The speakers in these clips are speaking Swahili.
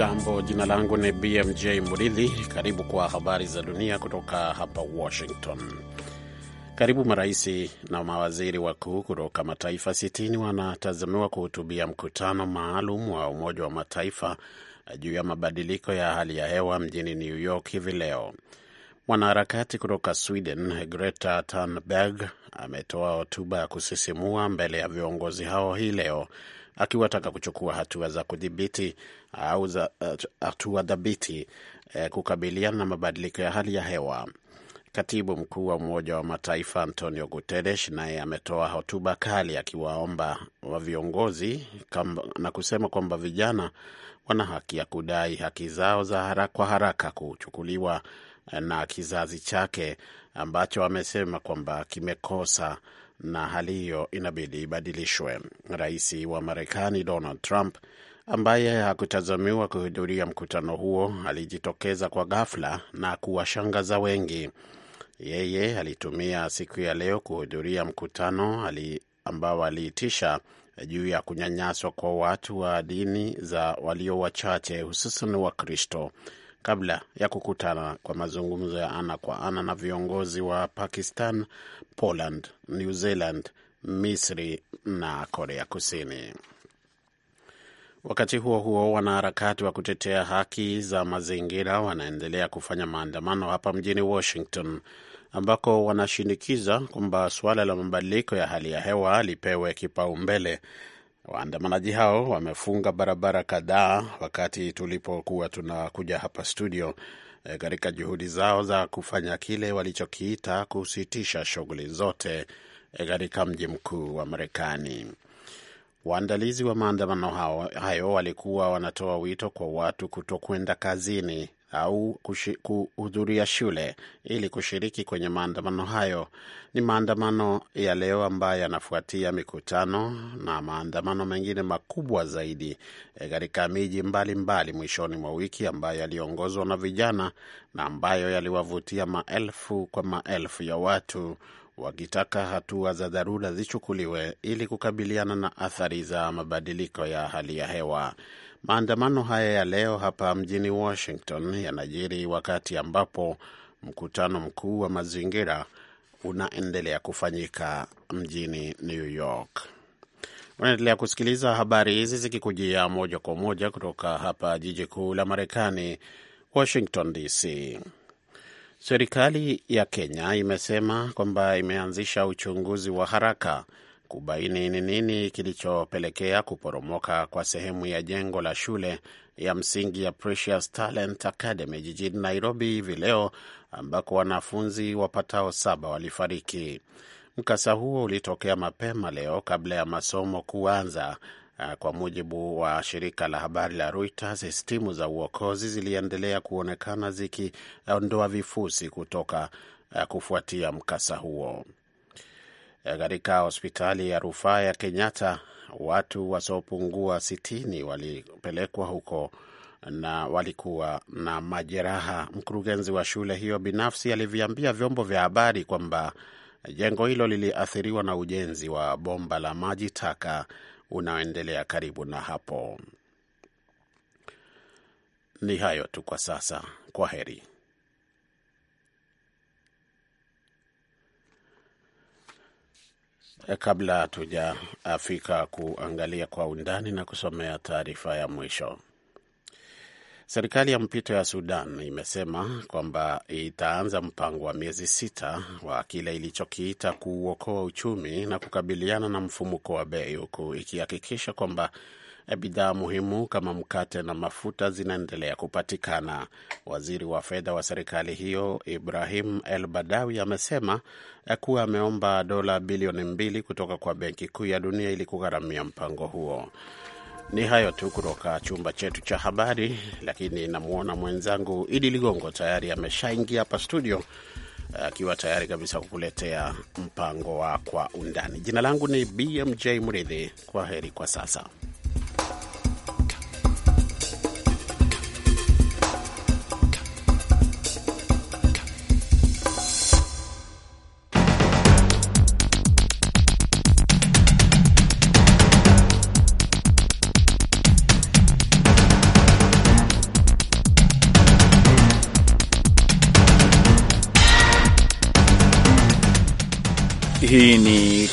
Hujambo, jina langu ni BMJ Muridhi. Karibu kwa habari za dunia kutoka hapa Washington. Karibu marais na mawaziri wakuu kutoka mataifa 60 wanatazamiwa kuhutubia mkutano maalum wa Umoja wa Mataifa juu ya mabadiliko ya hali ya hewa mjini New York hivi leo. Mwanaharakati kutoka Sweden Greta Thunberg ametoa hotuba ya kusisimua mbele ya viongozi hao hii leo akiwataka kuchukua hatua za kudhibiti au hatua eh, dhabiti eh, kukabiliana na mabadiliko ya hali ya hewa. Katibu mkuu wa Umoja wa Mataifa Antonio Guterres naye ametoa hotuba kali akiwaomba wa viongozi na kusema kwamba vijana wana haki ya kudai haki zao za haraka kwa haraka kuchukuliwa eh, na kizazi chake ambacho amesema kwamba kimekosa na hali hiyo inabidi ibadilishwe. Rais wa Marekani Donald Trump ambaye hakutazamiwa kuhudhuria mkutano huo alijitokeza kwa ghafla na kuwashangaza wengi. Yeye alitumia siku ya leo kuhudhuria mkutano ali ambao aliitisha juu ya kunyanyaswa kwa watu wa dini za walio wachache hususan Wakristo kabla ya kukutana kwa mazungumzo ya ana kwa ana na viongozi wa Pakistan, Poland, New Zealand, Misri na Korea Kusini. Wakati huo huo, wanaharakati wa kutetea haki za mazingira wanaendelea kufanya maandamano hapa mjini Washington ambako wanashinikiza kwamba suala la mabadiliko ya hali ya hewa lipewe kipaumbele. Waandamanaji hao wamefunga barabara kadhaa wakati tulipokuwa tunakuja hapa studio, e, katika juhudi zao za kufanya kile walichokiita kusitisha shughuli zote eh, katika mji mkuu wa Marekani. Waandalizi wa maandamano hayo walikuwa wanatoa wito kwa watu kutokwenda kazini au kuhudhuria shule ili kushiriki kwenye maandamano hayo. Ni maandamano ya leo ambayo yanafuatia mikutano na maandamano mengine makubwa zaidi eh, katika miji mbalimbali mwishoni mwa wiki ambayo yaliongozwa na vijana na ambayo yaliwavutia maelfu kwa maelfu ya watu wakitaka hatua za dharura zichukuliwe ili kukabiliana na athari za mabadiliko ya hali ya hewa. Maandamano haya ya leo hapa mjini Washington yanajiri wakati ambapo mkutano mkuu wa mazingira unaendelea kufanyika mjini New York. Unaendelea kusikiliza habari hizi zikikujia moja kwa moja kutoka hapa jiji kuu la Marekani, Washington DC. Serikali ya Kenya imesema kwamba imeanzisha uchunguzi wa haraka kubaini ni nini kilichopelekea kuporomoka kwa sehemu ya jengo la shule ya msingi ya Precious Talent Academy jijini Nairobi hivi leo ambako wanafunzi wapatao saba walifariki. Mkasa huo ulitokea mapema leo kabla ya masomo kuanza Uh, kwa mujibu wa shirika la habari la Reuters, timu za uokozi ziliendelea kuonekana zikiondoa vifusi kutoka uh, kufuatia mkasa huo. Uh, katika hospitali ya rufaa ya Kenyatta, watu wasiopungua sitini walipelekwa huko na walikuwa na majeraha. Mkurugenzi wa shule hiyo binafsi aliviambia vyombo vya habari kwamba jengo hilo liliathiriwa na ujenzi wa bomba la maji taka unaoendelea karibu na hapo. Ni hayo tu kwa sasa, kwa heri. E, kabla hatujafika kuangalia kwa undani na kusomea taarifa ya mwisho Serikali ya mpito ya Sudan imesema kwamba itaanza mpango wa miezi sita wa kile ilichokiita kuuokoa uchumi na kukabiliana na mfumuko wa bei, huku ikihakikisha kwamba bidhaa muhimu kama mkate na mafuta zinaendelea kupatikana. Waziri wa fedha wa serikali hiyo Ibrahim El Badawi amesema kuwa ameomba dola bilioni mbili kutoka kwa Benki Kuu ya Dunia ili kugharamia mpango huo. Ni hayo tu kutoka chumba chetu cha habari, lakini namwona mwenzangu Idi Ligongo tayari ameshaingia hapa studio akiwa tayari kabisa kukuletea mpango wa kwa undani. Jina langu ni BMJ Mridhi. Kwa heri kwa sasa.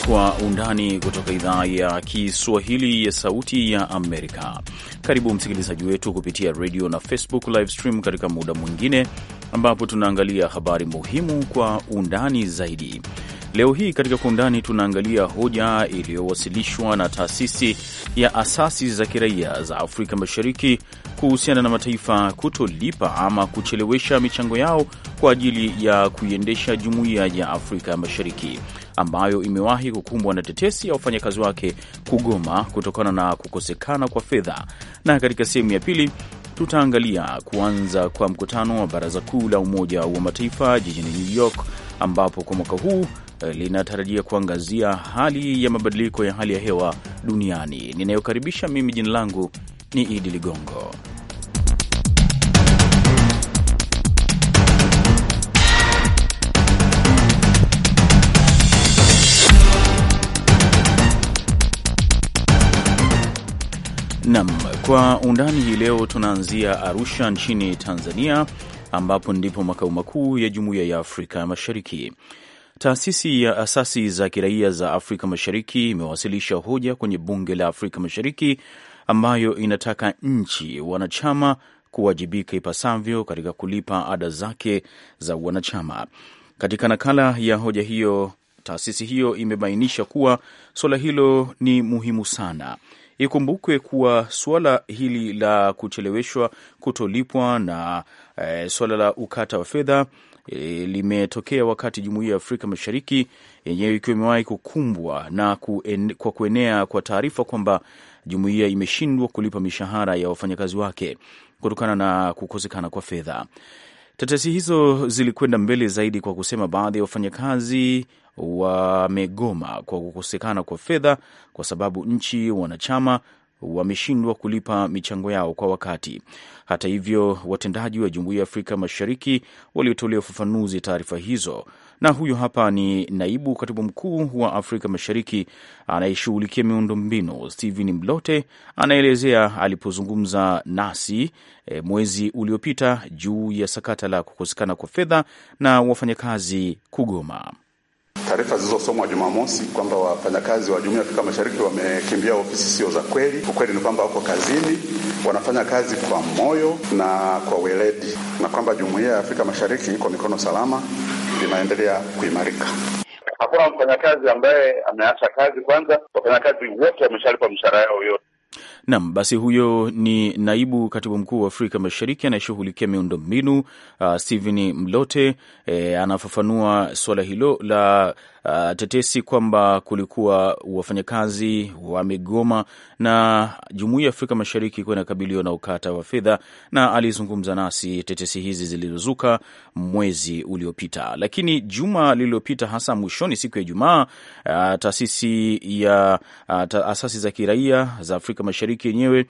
Kwa Undani kutoka idhaa ya Kiswahili ya Sauti ya Amerika. Karibu msikilizaji wetu kupitia radio na Facebook live stream katika muda mwingine ambapo tunaangalia habari muhimu kwa undani zaidi. Leo hii katika Kwa Undani tunaangalia hoja iliyowasilishwa na taasisi ya asasi za kiraia za Afrika Mashariki kuhusiana na mataifa kutolipa ama kuchelewesha michango yao kwa ajili ya kuiendesha Jumuiya ya Afrika Mashariki ambayo imewahi kukumbwa na tetesi ya wafanyakazi wake kugoma kutokana na kukosekana kwa fedha. Na katika sehemu ya pili tutaangalia kuanza kwa mkutano wa Baraza Kuu la Umoja wa Mataifa jijini New York ambapo kwa mwaka huu eh, linatarajia kuangazia hali ya mabadiliko ya hali ya hewa duniani. Ninayokaribisha mimi, jina langu ni Idi Ligongo. Nam kwa undani hii leo, tunaanzia Arusha nchini Tanzania, ambapo ndipo makao makuu ya Jumuiya ya Afrika Mashariki. Taasisi ya asasi za kiraia za Afrika Mashariki imewasilisha hoja kwenye Bunge la Afrika Mashariki ambayo inataka nchi wanachama kuwajibika ipasavyo katika kulipa ada zake za wanachama. Katika nakala ya hoja hiyo, taasisi hiyo imebainisha kuwa suala hilo ni muhimu sana Ikumbukwe kuwa suala hili la kucheleweshwa kutolipwa na e, suala la ukata wa fedha e, limetokea wakati Jumuiya ya Afrika Mashariki yenyewe ikiwa imewahi kukumbwa na kuen, kwa kuenea kwa taarifa kwamba jumuiya imeshindwa kulipa mishahara ya wafanyakazi wake kutokana na kukosekana kwa fedha. Tetesi hizo zilikwenda mbele zaidi kwa kusema baadhi ya wafanyakazi wamegoma kwa kukosekana kwa fedha, kwa sababu nchi wanachama wameshindwa kulipa michango yao kwa wakati. Hata hivyo, watendaji wa Jumuiya ya Afrika Mashariki waliotolea ufafanuzi taarifa hizo, na huyo hapa ni naibu katibu mkuu wa Afrika Mashariki anayeshughulikia miundombinu Steven Mlote, anaelezea alipozungumza nasi e, mwezi uliopita juu ya sakata la kukosekana kwa fedha na wafanyakazi kugoma taarifa zilizosomwa Jumamosi kwamba wafanyakazi wa Jumuiya ya Afrika Mashariki wamekimbia ofisi sio za kweli. Ukweli ni kwamba wako kazini, wanafanya kazi kwa moyo na kwa weledi, na kwamba Jumuiya ya Afrika Mashariki iko mikono salama, inaendelea kuimarika. Hakuna mfanyakazi ambaye ameacha kazi. Kwanza wafanyakazi wote wameshalipwa mishahara yao yote. Nam, basi huyo ni naibu katibu mkuu wa Afrika Mashariki anayeshughulikia miundombinu uh, ah, Stephen Mlote eh, anafafanua suala hilo la Ah, tetesi kwamba kulikuwa wafanyakazi wa migoma na jumuiya ya Afrika Mashariki kuwa inakabiliwa na ukata wa fedha, na alizungumza nasi tetesi hizi zilizozuka mwezi uliopita. Lakini juma lililopita, hasa mwishoni, siku ya Ijumaa, ah, taasisi ya uh, za kiraia za Afrika Mashariki yenyewe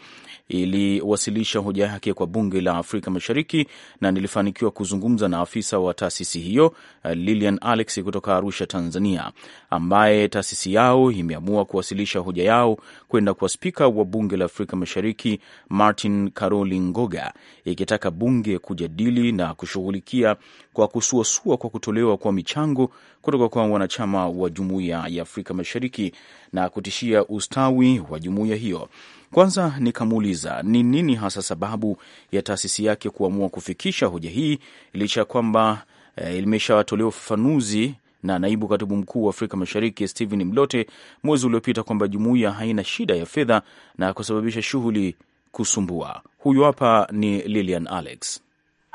iliwasilisha hoja yake kwa bunge la Afrika Mashariki na nilifanikiwa kuzungumza na afisa wa taasisi hiyo Lilian Alex kutoka Arusha, Tanzania Tanzania ambaye taasisi yao imeamua kuwasilisha hoja yao kwenda kwa spika wa bunge la Afrika Mashariki Martin Karoli Ngoga ikitaka bunge kujadili na kushughulikia kwa kusuasua kwa kutolewa kwa michango kutoka kwa wanachama wa Jumuiya ya Afrika Mashariki na kutishia ustawi wa jumuiya hiyo. Kwanza nikamuuliza ni nini hasa sababu ya taasisi yake kuamua kufikisha hoja hii licha ya kwamba e, eh, limeshatolewa ufafanuzi na naibu katibu mkuu wa Afrika Mashariki Stephen Mlote mwezi uliopita kwamba jumuiya haina shida ya fedha na kusababisha shughuli kusumbua. Huyu hapa ni Lilian Alex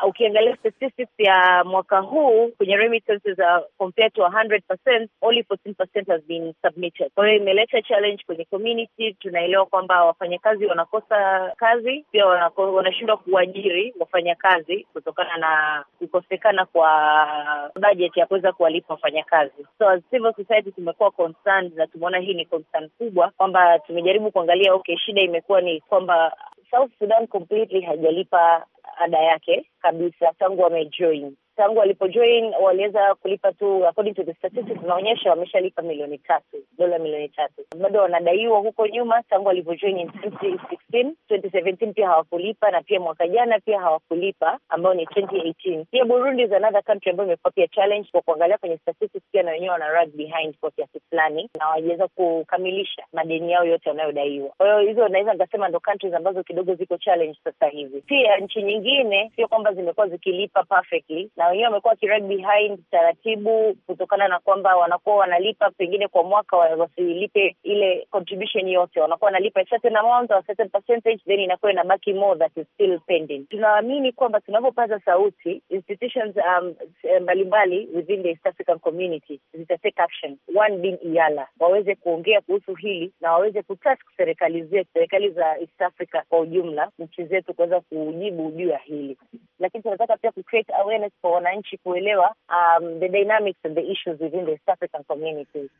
ukiangalia statistics ya mwaka huu kwenye remittances are uh, compared to 100%, only 14% has been submitted. Kwa hiyo imeleta challenge kwenye community. Tunaelewa kwamba wafanyakazi wanakosa kazi, pia wanashindwa kuajiri wafanyakazi kutokana na kukosekana kwa budget ya kuweza kuwalipa wafanyakazi. So as civil society tumekuwa concerned na tumeona hii ni concern kubwa, kwamba tumejaribu kuangalia, okay, shida imekuwa ni kwamba South Sudan completely haijalipa ada yake kabisa tangu wamejoin tangu walipojoin waliweza kulipa tu, according to the statistics zinaonyesha wameshalipa milioni tatu dola milioni tatu bado wanadaiwa huko nyuma tangu walivyojoin in 2016 2017 pia hawakulipa, na pia mwaka jana pia hawakulipa ambao ni 2018. Pia Burundi is another country ambayo imekuwa pia challenge kwa kuangalia kwenye statistics, pia na wenyewe wana rag behind kwa kiasi fulani, na hawajaweza kukamilisha madeni yao yote wanayodaiwa. Kwa hiyo hizo naweza nikasema ndo countries ambazo kidogo ziko challenge sasa hivi. Pia nchi nyingine sio kwamba zimekuwa zikilipa perfectly na wenyewe wamekuwa wakilag behind taratibu, kutokana na kwamba wanakuwa wanalipa pengine kwa mwaka wasilipe ile contribution yote, wanakuwa wanalipa a certain amount or certain percentage, then inakuwa inabaki more that is still pending. Tunaamini kwamba tunapopaza sauti institutions um, eh, mbalimbali within the East African community zitatake action, one being IALA, waweze kuongea kuhusu hili na waweze kutask serikali zetu, serikali za East Africa kwa ujumla, nchi zetu kuweza kujibu juu ya hili, lakini tunataka pia ku create awareness for wananchi kuelewa um, the dynamics and the issues within the East African community.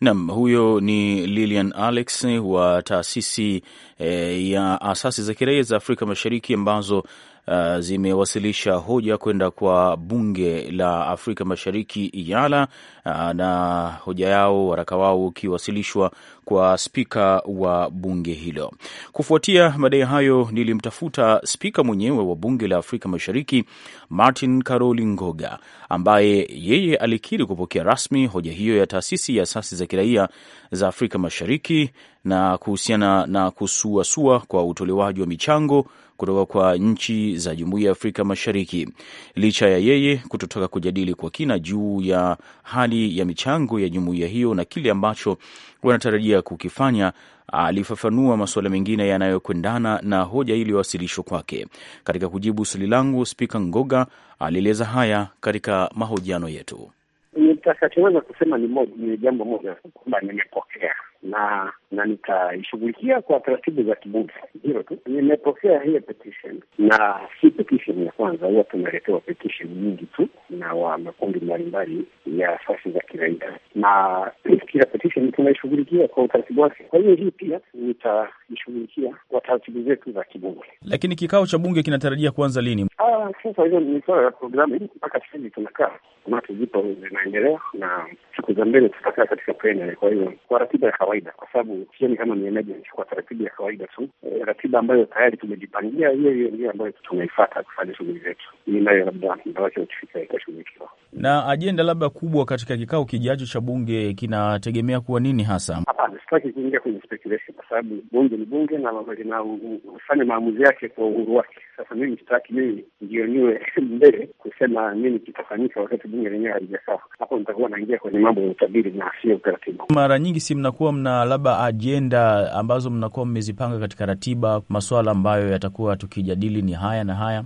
Nam, huyo ni Lilian Alex wa taasisi eh, ya asasi za kiraia za Afrika Mashariki ambazo uh, zimewasilisha hoja kwenda kwa bunge la Afrika Mashariki IALA, uh, na hoja yao, waraka wao ukiwasilishwa kwa spika wa bunge hilo. Kufuatia madai hayo, nilimtafuta spika mwenyewe wa bunge la Afrika Mashariki Martin Karoli Ngoga, ambaye yeye alikiri kupokea rasmi hoja hiyo ya taasisi ya asasi za kiraia za Afrika Mashariki na kuhusiana na kusuasua kwa utolewaji wa michango kutoka kwa nchi za Jumuiya ya Afrika Mashariki. Licha ya yeye kutotaka kujadili kwa kina juu ya hali ya michango ya jumuiya hiyo na kile ambacho wanatarajia kukifanya, alifafanua masuala mengine yanayokwendana na hoja iliyowasilishwa kwake. Katika kujibu swali langu, Spika Ngoga alieleza haya katika mahojiano yetu. Nitakachoweza kusema ni, ni jambo moja kwamba nimepokea na na nitaishughulikia kwa taratibu za kibunge. Hilo tu, nimepokea hiyo petition, na si petition ya kwanza. Huwa tumeletewa petition nyingi tu na wa makundi mbalimbali ya asasi za kiraia, na kila petition tunaishughulikia kwa utaratibu wake. Kwa hiyo hii pia nitaishughulikia kwa taratibu zetu za kibunge. Lakini kikao cha bunge kinatarajia kuanza lini? Ah, sasa hiyo ni swala ya programu hii. Mpaka sasa hivi tunakaa kamati zipo zinaendelea, na siku za mbele tutakaa katika plenary. Kwa hiyo kwa ratiba ya kawaida kawaida, kwa sababu sioni kama ni emergency, kwa taratibu ya kawaida tu, e, ratiba ambayo tayari tumejipangia, hiyo hiyo ndio ambayo tunaifata kufanya shughuli zetu. Hii nayo labda muda wake ukifika itashughulikiwa. Na ajenda labda kubwa katika kikao kijacho cha bunge kinategemea kuwa nini hasa? Hapana, sitaki kuingia kwenye speculation, kwa sababu bunge ni bunge na lina linafanya maamuzi yake kwa uhuru wake. Sasa mimi sitaki mimi ndio niwe mbele kusema nini kitafanyika wakati bunge lenyewe halijakaa. Hapo nitakuwa naingia kwenye mambo ya utabiri na sio utaratibu. Mara nyingi si mnakuwa mna kuna labda ajenda ambazo mnakuwa mmezipanga katika ratiba, masuala ambayo yatakuwa tukijadili ni haya na haya?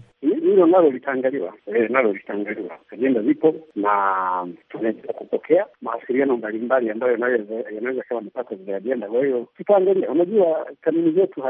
hilo nalo litaangaliwa, eh, nalo litaangaliwa. Ajenda zipo na tunaendelea kupokea mawasiliano mbalimbali ambayo yanaweza kawa mipaka za ajenda. Kwa hiyo tutaangalia, unajua kanuni zetu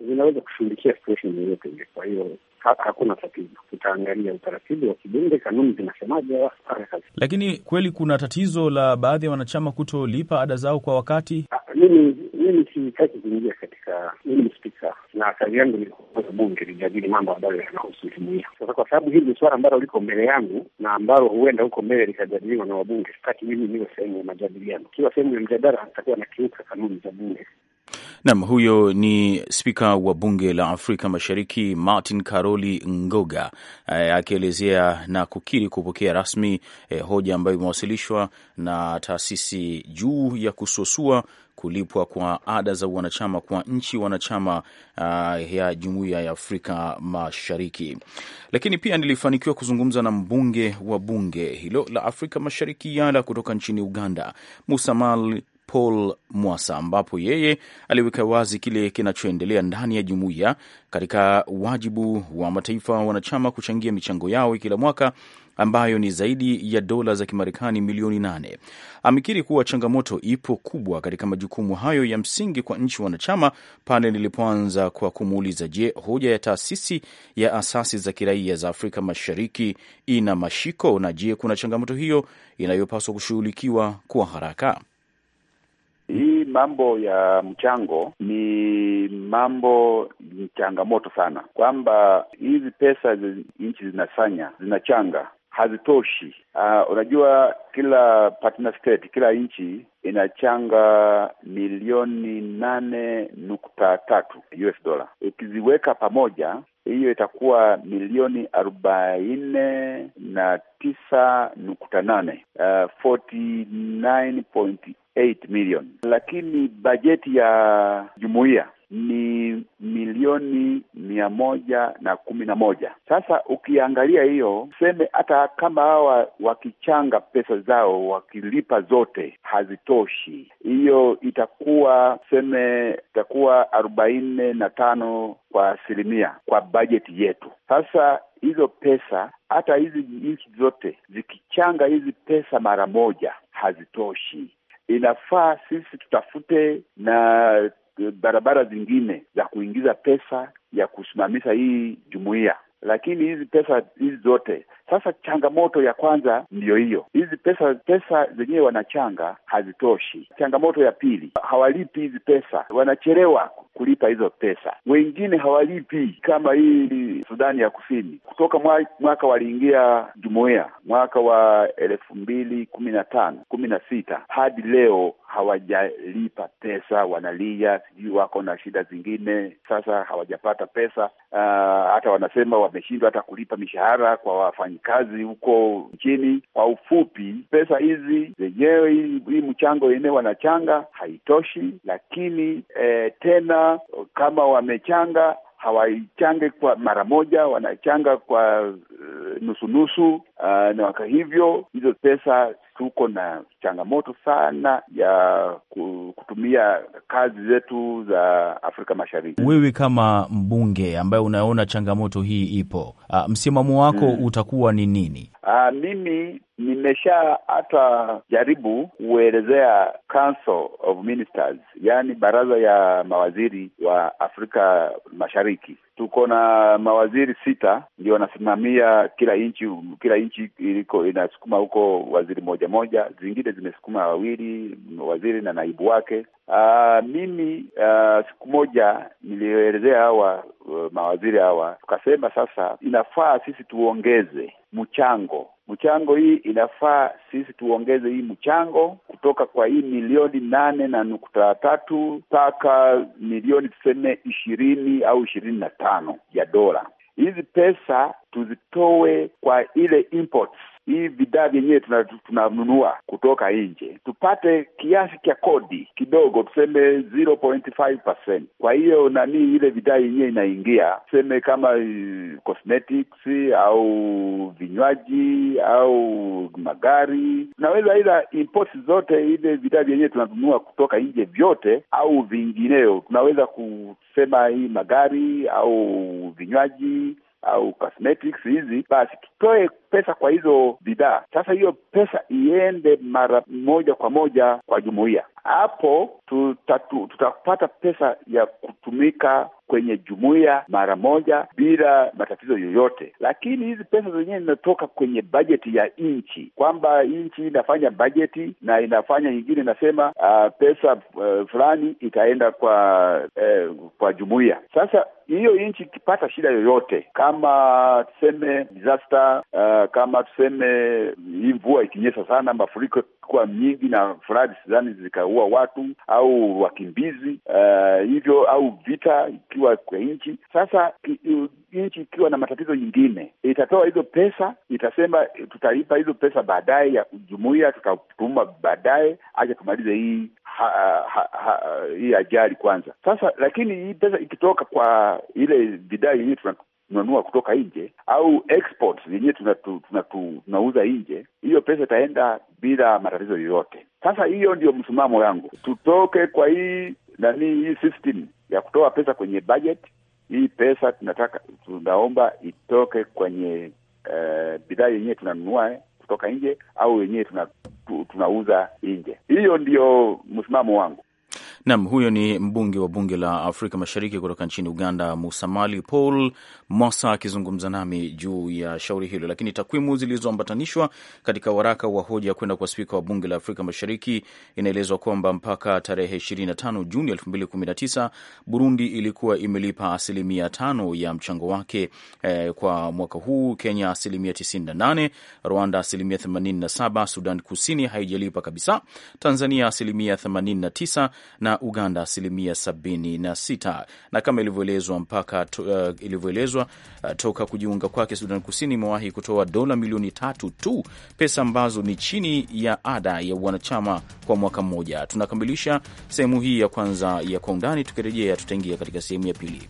zinaweza kushughulikia situation yoyote ile. Kwa hiyo ha, hakuna tatizo, tutaangalia utaratibu wa kibunge, kanuni zinasemaje, kazi. Lakini kweli kuna tatizo la baadhi ya wanachama kutolipa ada zao kwa wakati. Ah, mimi mimi sitaki kuingia katika, mimi ni spika na kazi yangu ni kuongoza bunge lijadili mambo ambayo yanahusu jumuia. Sasa kwa sababu hili ni suala ambalo liko mbele yangu na ambalo huenda huko mbele likajadiliwa na wabunge, sitaki mimi niwe sehemu ya majadiliano. Kiwa sehemu ya mjadala, na kiuka kanuni za bunge. Nam, huyo ni spika wa bunge la Afrika Mashariki Martin Karoli Ngoga eh, akielezea na kukiri kupokea rasmi eh, hoja ambayo imewasilishwa na taasisi juu ya kusuasua kulipwa kwa ada za wanachama kwa nchi wanachama uh, ya jumuiya ya Afrika Mashariki. Lakini pia nilifanikiwa kuzungumza na mbunge wa bunge hilo la Afrika Mashariki yala kutoka nchini Uganda, Musamal Paul Mwasa, ambapo yeye aliweka wazi kile kinachoendelea ndani ya jumuiya katika wajibu wa mataifa wanachama kuchangia michango yao kila mwaka ambayo ni zaidi ya dola za Kimarekani milioni nane. Amekiri kuwa changamoto ipo kubwa katika majukumu hayo ya msingi kwa nchi wanachama, pale nilipoanza kwa kumuuliza, je, hoja ya taasisi ya asasi za kiraia za Afrika Mashariki ina mashiko na je, kuna changamoto hiyo inayopaswa kushughulikiwa kwa haraka? Hii mambo ya mchango ni mambo changamoto sana, kwamba hizi pesa nchi zinafanya zinachanga hazitoshi. Uh, unajua kila partner state, kila nchi inachanga milioni nane nukta tatu US dola. Ukiziweka pamoja, hiyo itakuwa milioni arobaini na tisa nukta nane uh, million, lakini bajeti ya jumuiya ni milioni mia moja na kumi na moja. Sasa ukiangalia hiyo, tuseme hata kama hawa wakichanga pesa zao wakilipa zote hazitoshi, hiyo itakuwa tuseme itakuwa arobaini na tano kwa asilimia kwa bajeti yetu. Sasa hizo pesa hata hizi nchi zote zikichanga hizi pesa mara moja hazitoshi inafaa sisi tutafute na e, barabara zingine za kuingiza pesa ya kusimamisha hii jumuiya lakini hizi pesa hizi zote sasa, changamoto ya kwanza ndiyo hiyo, hizi pesa pesa zenyewe wanachanga hazitoshi. Changamoto ya pili, hawalipi hizi pesa, wanachelewa kulipa hizo pesa, wengine hawalipi. Kama hii Sudani ya Kusini, kutoka mwaka waliingia jumuiya mwaka wa elfu mbili kumi na tano kumi na sita hadi leo hawajalipa pesa, wanalia, sijui wako na shida zingine, sasa hawajapata pesa. Uh, hata wanasema wameshindwa hata kulipa mishahara kwa wafanyikazi huko nchini. Kwa ufupi, pesa hizi zenyewe, hii mchango yenyewe wanachanga haitoshi, lakini eh, tena kama wamechanga hawaichange kwa mara moja, wanachanga kwa nusunusu uh, eh, nusu, uh, na waka hivyo hizo pesa tuko na changamoto sana ya kutumia kazi zetu za Afrika Mashariki. Wewe kama mbunge ambaye unaona changamoto hii ipo, ah, msimamo wako hmm, utakuwa ni nini? Aa, ah, mimi nimesha hata jaribu kuelezea Council of Ministers, yaani baraza ya mawaziri wa Afrika Mashariki tuko na mawaziri sita ndio wanasimamia kila nchi, kila nchi iliko inasukuma huko waziri moja moja, zingine zimesukuma wawili waziri na naibu wake. Aa, ah, mimi aa, ah, siku moja nilioelezea hawa eh, mawaziri hawa, tukasema sasa inafaa sisi tuongeze mchango mchango hii inafaa sisi tuongeze hii mchango kutoka kwa hii milioni nane na nukta tatu mpaka milioni tuseme ishirini au ishirini na tano ya dola. Hizi pesa tuzitoe kwa ile imports hii bidhaa vyenyewe tunanunua kutoka nje, tupate kiasi cha kodi kidogo, tuseme 0.5%. Kwa hiyo nanii ile bidhaa yenyewe inaingia, tuseme kama eh, cosmetics au vinywaji au magari, tunaweza ila import zote, ile bidhaa vyenyewe tunanunua kutoka nje vyote, au vingineo tunaweza kusema hii magari au vinywaji au cosmetics hizi, basi tutoe pesa kwa hizo bidhaa. Sasa hiyo pesa iende mara moja kwa moja kwa jumuiya hapo tutapata tutapata pesa ya kutumika kwenye jumuiya mara moja bila matatizo yoyote. Lakini hizi pesa zenyewe zinatoka kwenye bajeti ya nchi, kwamba nchi inafanya bajeti na inafanya nyingine inasema uh, pesa uh, fulani itaenda kwa uh, kwa jumuiya. Sasa hiyo nchi ikipata shida yoyote, kama tuseme disaster uh, kama tuseme hii mvua ikinyesha sana, mafuriko kuwa mingi na flood zani zika wanaua watu au wakimbizi uh, hivyo au vita ikiwa kwa nchi. Sasa nchi ikiwa na matatizo yingine, itatoa hizo pesa, itasema tutalipa hizo pesa baadaye ya jumuia tutatuma baadaye, acha tumalize hii ha, ha, ha, hii ajali kwanza. Sasa lakini hii pesa ikitoka kwa ile bidhaa yenyewe tunanunua kutoka nje au exports tunauza tuna, tuna nje, hiyo pesa itaenda bila matatizo yoyote. Sasa hiyo ndio msimamo yangu, tutoke kwa hii nani, hii system ya kutoa pesa kwenye budget. Hii pesa tunataka tunaomba itoke kwenye uh, bidhaa yenyewe tunanunua eh, kutoka nje au yenyewe tunauza tuna nje. Hiyo ndio msimamo wangu. Nam, huyo ni mbunge wa bunge la Afrika Mashariki kutoka nchini Uganda, Musamali Paul Mosa akizungumza nami juu ya shauri hilo. Lakini takwimu zilizoambatanishwa katika waraka wa hoja kwenda kwa spika wa bunge la Afrika Mashariki inaelezwa kwamba mpaka tarehe 25 Juni 2019 Burundi ilikuwa imelipa asilimia tano ya mchango wake eh, kwa mwaka huu, Kenya asilimia 98, Rwanda asilimia 87, Sudan Kusini haijalipa kabisa, Tanzania asilimia 89 na na Uganda asilimia 76. Na kama ilivyoelezwa mpaka to, uh, ilivyoelezwa uh, toka kujiunga kwake, Sudan Kusini imewahi kutoa dola milioni tatu tu, pesa ambazo ni chini ya ada ya wanachama kwa mwaka mmoja. Tunakamilisha sehemu hii ya kwanza ya Kwa Undani. Tukirejea tutaingia katika sehemu ya pili.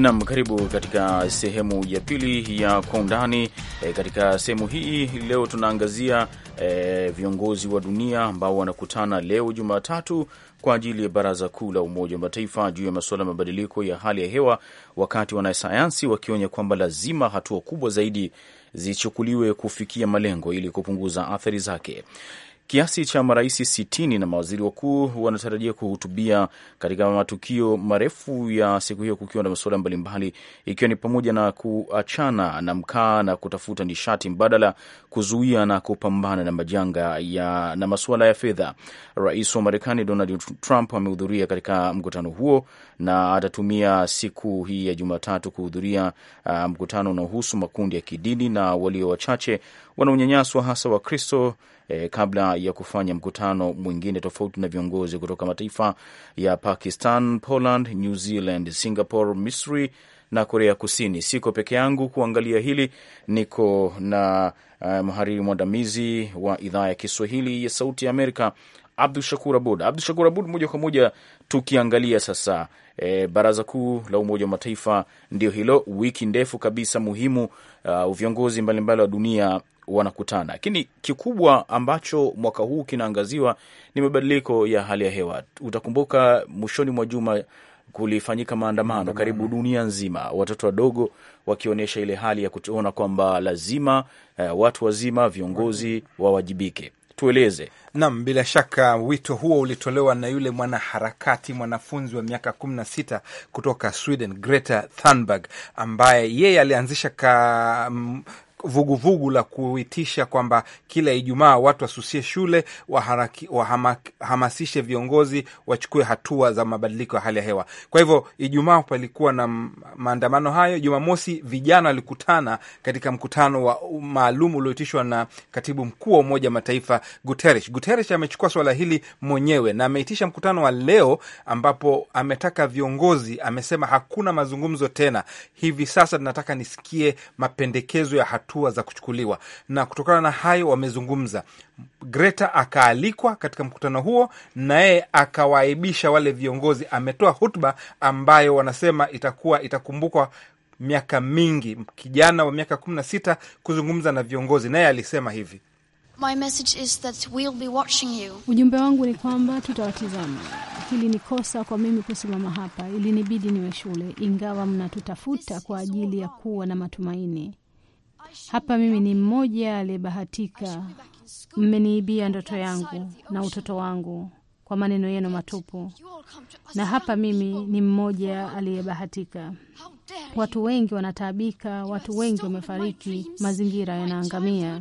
Nam, karibu katika sehemu ya pili ya kwa undani. E, katika sehemu hii leo tunaangazia e, viongozi wa dunia ambao wanakutana leo Jumatatu kwa ajili ya Baraza Kuu la Umoja wa Mataifa juu ya masuala ya mabadiliko ya hali ya hewa, wakati wanasayansi wakionya kwamba lazima hatua kubwa zaidi zichukuliwe kufikia malengo ili kupunguza athari zake. Kiasi cha marais sitini na mawaziri wakuu wanatarajia kuhutubia katika matukio marefu ya siku hiyo, kukiwa na masuala mbalimbali, ikiwa ni pamoja na kuachana na mkaa na kutafuta nishati mbadala, kuzuia na kupambana na majanga ya, na masuala ya fedha. Rais wa Marekani Donald Trump amehudhuria katika mkutano huo na atatumia siku hii ya Jumatatu kuhudhuria uh, mkutano unaohusu makundi ya kidini na walio wachache wanaonyanyaswa hasa Wakristo eh, kabla ya kufanya mkutano mwingine tofauti na viongozi kutoka mataifa ya Pakistan, Poland, New Zealand, Singapore, Misri na Korea Kusini. Siko peke yangu kuangalia hili, niko na uh, mhariri mwandamizi wa idhaa ya Kiswahili ya Sauti ya Amerika Abdu Shakur Abud. Abdu Shakur Abud, moja kwa moja tukiangalia sasa e, baraza kuu la Umoja wa Mataifa ndio hilo, wiki ndefu kabisa muhimu. Uh, viongozi mbalimbali wa dunia wanakutana. Lakini kikubwa ambacho mwaka huu kinaangaziwa ni mabadiliko ya hali ya hewa. Utakumbuka mwishoni mwa juma kulifanyika maandamano karibu dunia nzima, watoto wadogo wakionyesha ile hali ya kuona kwamba lazima eh, watu wazima, viongozi wawajibike. Tueleze nam. Bila shaka wito huo ulitolewa na yule mwanaharakati mwanafunzi wa miaka kumi na sita kutoka Sweden, Greta Thunberg, ambaye yeye alianzisha ka mm, vuguvugu vugu la kuitisha kwamba kila Ijumaa watu wasusie shule, wahamasishe viongozi wachukue hatua za mabadiliko ya hali ya hewa. Kwa hivyo Ijumaa palikuwa na maandamano hayo. Jumamosi vijana walikutana katika mkutano wa maalum ulioitishwa na katibu mkuu wa Umoja wa Mataifa Guterres. Guterres amechukua swala hili mwenyewe na ameitisha mkutano wa leo ambapo ametaka viongozi, amesema hakuna mazungumzo tena, hivi sasa tunataka nisikie mapendekezo ya hatua hatua za kuchukuliwa. Na kutokana na hayo wamezungumza. Greta akaalikwa katika mkutano huo, na yeye akawaibisha wale viongozi. Ametoa hutuba ambayo wanasema itakuwa itakumbukwa miaka mingi, kijana wa miaka kumi na sita kuzungumza na viongozi, naye alisema hivi: My message is that we'll be watching you. Ujumbe wangu ni kwamba tutawatizama. Hili ni kosa kwa mimi kusimama hapa, ilinibidi niwe shule, ingawa mnatutafuta kwa ajili ya kuwa na matumaini. Hapa mimi ni mmoja aliyebahatika. Mmeniibia ndoto yangu na utoto wangu kwa maneno yenu matupu, na hapa mimi ni mmoja aliyebahatika. Watu wengi wanataabika, watu wengi wamefariki, mazingira yanaangamia.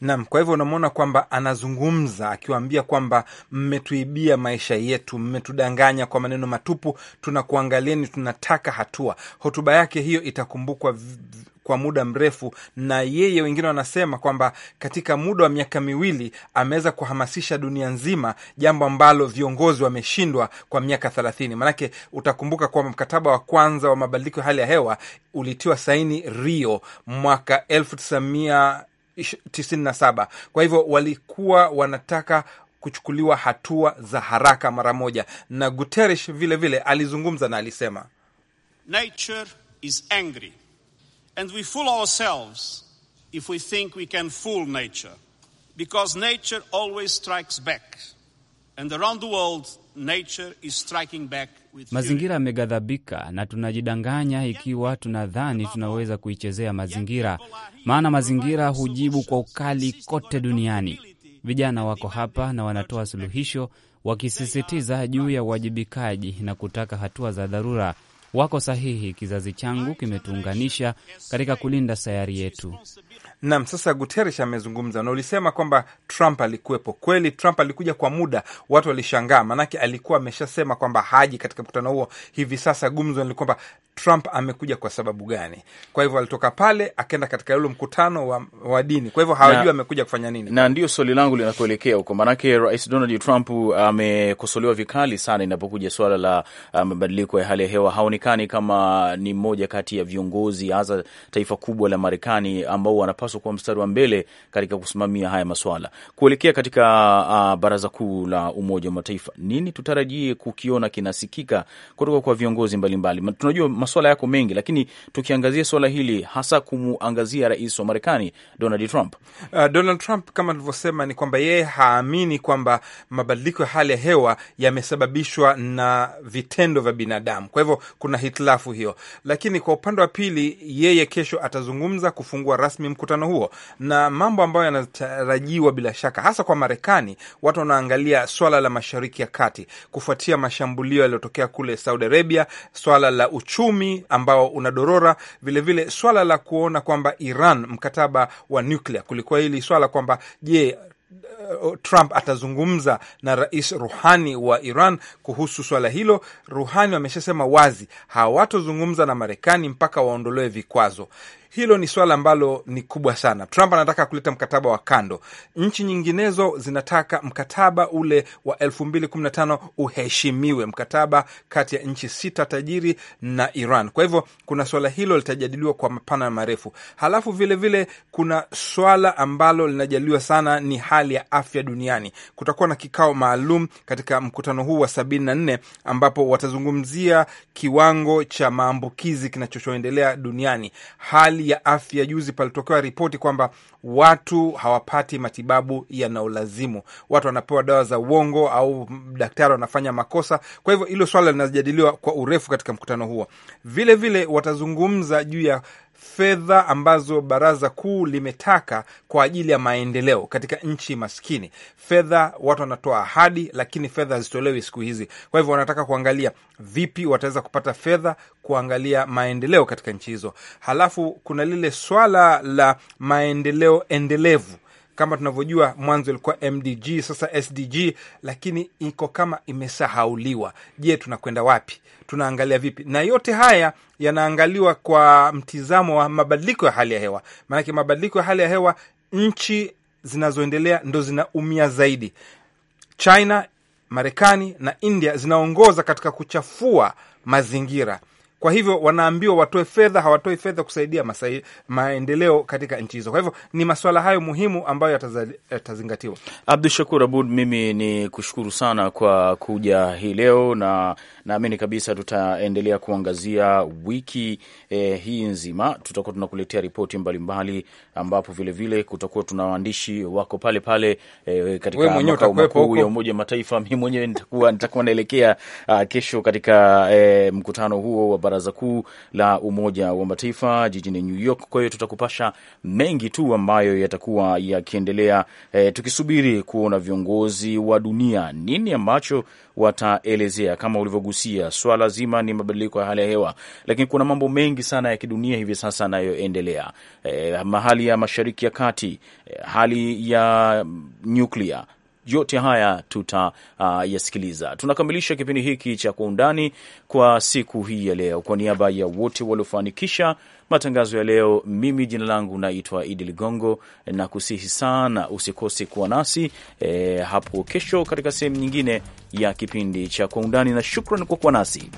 Naam, kwa hivyo unamwona kwamba anazungumza akiwaambia kwamba mmetuibia maisha yetu, mmetudanganya kwa maneno matupu, tunakuangalieni, tunataka hatua. Hotuba yake hiyo itakumbukwa kwa muda mrefu, na yeye wengine wanasema kwamba katika muda wa miaka miwili ameweza kuhamasisha dunia nzima, jambo ambalo viongozi wameshindwa kwa miaka thelathini. Manake utakumbuka kwamba mkataba wa kwanza wa mabadiliko ya hali ya hewa ulitiwa saini Rio mwaka elfu tisa mia tisini na saba. Kwa hivyo walikuwa wanataka kuchukuliwa hatua za haraka mara moja, na Guterres vile vile alizungumza na alisema Nature is angry. And we fool ourselves if we think we can fool nature, because nature always strikes back. And around the world, nature is striking back with mazingira yameghadhabika, na tunajidanganya ikiwa tunadhani tunaweza kuichezea mazingira, maana mazingira hujibu kwa ukali kote duniani. Vijana wako hapa na wanatoa suluhisho wakisisitiza juu ya uwajibikaji na kutaka hatua za dharura wako sahihi. Kizazi changu kimetuunganisha katika kulinda sayari yetu. Nam, sasa Guterres amezungumza na ulisema kwamba Trump alikuwepo kweli. Trump alikuja kwa muda, watu walishangaa, maanake alikuwa ameshasema kwamba haji katika mkutano huo. Hivi sasa gumzo ni kwamba Trump amekuja kwa sababu gani? Kwa hivyo alitoka pale akaenda katika ule mkutano wa, wa dini, kwa hivyo hawajui amekuja kufanya nini, na ndio swali langu linakuelekea huko, maanake Rais Donald Trump amekosolewa vikali sana inapokuja swala la uh, mabadiliko ya hali ya hewa. Haonekani kama ni mmoja kati ya viongozi hasa taifa kubwa la Marekani ambao wanapaswa kuwa mstari wa mbele katika kusimamia haya maswala kuelekea katika uh, baraza kuu la Umoja wa Mataifa. Nini tutarajie kukiona kinasikika kutoka kwa viongozi mbalimbali mbali? Tunajua maswala yako mengi, lakini tukiangazia swala hili hasa kumuangazia rais wa Marekani Donald Trump. Uh, Donald Trump kama alivyosema ni kwamba yeye haamini kwamba mabadiliko ya hali ya hewa yamesababishwa na vitendo vya binadamu, kwa hivyo kuna hitilafu hiyo, lakini kwa upande wa pili, yeye kesho atazungumza kufungua rasmi mkutano huo na mambo ambayo yanatarajiwa bila shaka, hasa kwa Marekani, watu wanaangalia swala la Mashariki ya Kati kufuatia mashambulio yaliyotokea kule Saudi Arabia, swala la uchumi ambao unadorora, vilevile swala la kuona kwamba Iran, mkataba wa nuklia, kulikuwa hili swala kwamba je, uh, Trump atazungumza na Rais Ruhani wa Iran kuhusu swala hilo. Ruhani wameshasema wazi hawatozungumza na Marekani mpaka waondolewe vikwazo hilo ni swala ambalo ni kubwa sana. Trump anataka kuleta mkataba wa kando, nchi nyinginezo zinataka mkataba ule wa elfu mbili kumi na tano uheshimiwe, mkataba kati ya nchi sita tajiri na Iran. Kwa hivyo kuna swala hilo litajadiliwa kwa mapana na marefu. Halafu vilevile vile, kuna swala ambalo linajadiliwa sana ni hali ya afya duniani. Kutakuwa na kikao maalum katika mkutano huu wa sabini na nne ambapo watazungumzia kiwango cha maambukizi kinachoendelea duniani hali hali ya afya. Juzi palitokewa ripoti kwamba watu hawapati matibabu yanaolazimu watu wanapewa dawa za uongo au daktari wanafanya makosa. Kwa hivyo hilo swala linajadiliwa kwa urefu katika mkutano huo. Vilevile vile watazungumza juu ya fedha ambazo baraza kuu limetaka kwa ajili ya maendeleo katika nchi maskini. Fedha watu wanatoa ahadi, lakini fedha hazitolewi siku hizi. Kwa hivyo wanataka kuangalia vipi wataweza kupata fedha kuangalia maendeleo katika nchi hizo. Halafu kuna lile swala la maendeleo endelevu kama tunavyojua, mwanzo ilikuwa MDG, sasa SDG, lakini iko kama imesahauliwa. Je, tunakwenda wapi? Tunaangalia vipi? Na yote haya yanaangaliwa kwa mtizamo wa mabadiliko ya hali ya hewa, maanake mabadiliko ya hali ya hewa, nchi zinazoendelea ndo zinaumia zaidi. China, Marekani na India zinaongoza katika kuchafua mazingira. Kwa hivyo wanaambiwa watoe fedha, hawatoi fedha kusaidia masai, maendeleo katika nchi hizo. Kwa hivyo ni maswala hayo muhimu ambayo yatazingatiwa. Abdu Shakur Abud, mimi ni kushukuru sana kwa kuja hii leo, na naamini kabisa tutaendelea kuangazia wiki eh, hii nzima tutakuwa tunakuletea ripoti mbalimbali, ambapo vilevile kutakuwa tuna waandishi wako pale pale eh, katika makao makuu ya Umoja Mataifa. Mimi mwenyewe nitakuwa nitakuwa naelekea uh, kesho katika eh, mkutano huo wa bara Baraza Kuu la Umoja wa Mataifa jijini New York. Kwa hiyo tutakupasha mengi tu ambayo yatakuwa yakiendelea, e, tukisubiri kuona viongozi wa dunia nini ambacho wataelezea. Kama ulivyogusia, swala zima ni mabadiliko ya hali ya hewa, lakini kuna mambo mengi sana ya kidunia hivi sasa yanayoendelea, e, mahali ya Mashariki ya Kati, e, hali ya nyuklia yote haya tutayasikiliza. Ah, uh, tunakamilisha kipindi hiki cha Kwa Undani kwa siku hii ya leo. Kwa niaba ya wote waliofanikisha matangazo ya leo, mimi jina langu naitwa Idi Ligongo na kusihi sana usikose kuwa nasi e, hapo kesho katika sehemu nyingine ya kipindi cha Kwa Undani, na shukran kwa kuwa nasi.